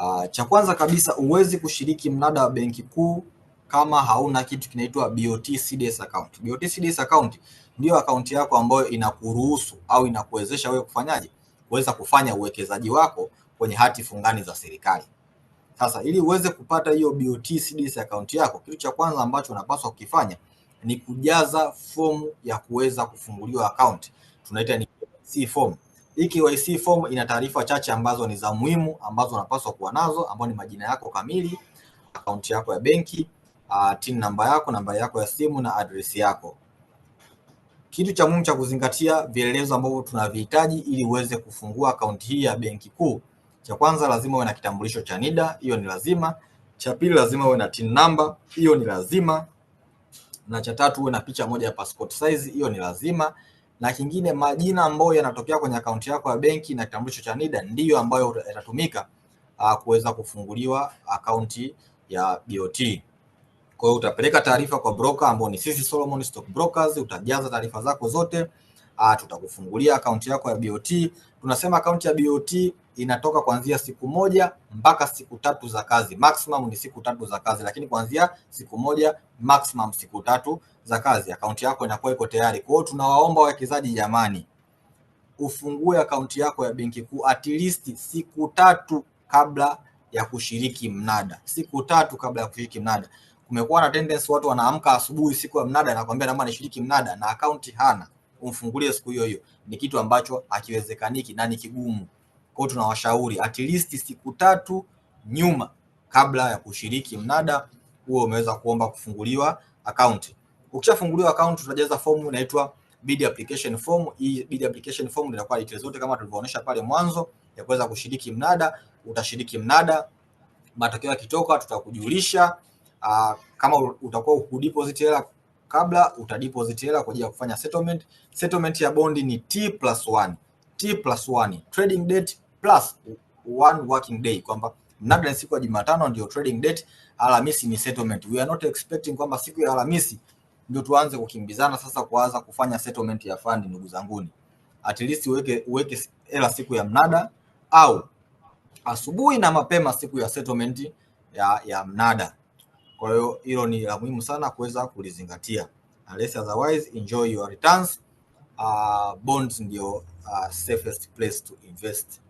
Uh, cha kwanza kabisa huwezi kushiriki mnada wa benki kuu kama hauna kitu kinaitwa BOT CDS account. BOT CDS account ndio akaunti yako ambayo inakuruhusu au inakuwezesha wewe kufanyaje, kuweza kufanya uwekezaji wako kwenye hati fungani za serikali. Sasa ili uweze kupata hiyo BOT CDS account yako, kitu cha kwanza ambacho unapaswa kukifanya ni kujaza fomu ya kuweza kufunguliwa account, tunaita ni KYC form. Hii KYC form ina taarifa chache ambazo ni za muhimu ambazo unapaswa kuwa nazo, ambao ni majina yako kamili, akaunti yako ya benki, uh, TIN namba yako, nambari yako ya simu na address yako. Kitu cha muhimu cha kuzingatia, vielelezo ambavyo tunavihitaji ili uweze kufungua akaunti hii ya benki kuu. Cha kwanza, lazima uwe na kitambulisho cha NIDA, hiyo ni lazima. Cha pili, lazima uwe na TIN namba, hiyo ni lazima. Na cha tatu, uwe na picha moja ya passport size, hiyo ni lazima na kingine majina ambayo yanatokea kwenye akaunti yako ya benki na kitambulisho cha NIDA ndiyo ambayo yatatumika uh, kuweza kufunguliwa akaunti ya BOT. Kwa hiyo utapeleka taarifa kwa broker ambao ni sisi Solomon Stock Brokers, utajaza taarifa zako zote, uh, tutakufungulia akaunti yako ya BOT. Tunasema akaunti ya BOT inatoka kuanzia siku moja mpaka siku tatu za kazi. Maximum ni siku tatu za kazi, lakini kuanzia siku moja maximum siku tatu za kazi, akaunti yako inakuwa iko tayari. Kwa hiyo tunawaomba wawekezaji jamani, ufungue akaunti yako ya benki kuu at least siku tatu kabla ya kushiriki mnada, siku tatu kabla ya kushiriki mnada. Kumekuwa na tendency watu wanaamka asubuhi siku ya mnada, anakwambia naomba nishiriki mnada na akaunti hana, umfungulie siku hiyo hiyo. Ni kitu ambacho hakiwezekaniki na ni kigumu. Kwa hiyo tunawashauri at least siku tatu nyuma kabla ya kushiriki mnada huo umeweza kuomba kufunguliwa account. Ukishafunguliwa account tutajaza fomu inaitwa bid application form. Hii bid application form inakuwa details zote kama tulivyoonyesha pale mwanzo ya kuweza kushiriki mnada. Utashiriki mnada, matokeo yakitoka tutakujulisha. Uh, kama utakuwa ukudeposit hela kabla, utadeposit hela kwa ajili ya kufanya settlement. Settlement ya bondi ni T T plus 1. plus 1. trading date plus one working day kwamba labda siku ya Jumatano ndio trading date, Alhamisi ni settlement. We are not expecting kwamba siku ya Alhamisi ndio tuanze kukimbizana sasa kuanza kufanya settlement ya fund. Ndugu zanguni, at least uweke uweke hela siku ya mnada au asubuhi na mapema siku ya settlement ya, ya mnada. Kwa hiyo hilo ni la muhimu sana kuweza kulizingatia, unless otherwise enjoy your returns. Uh, bonds ndio uh, safest place to invest.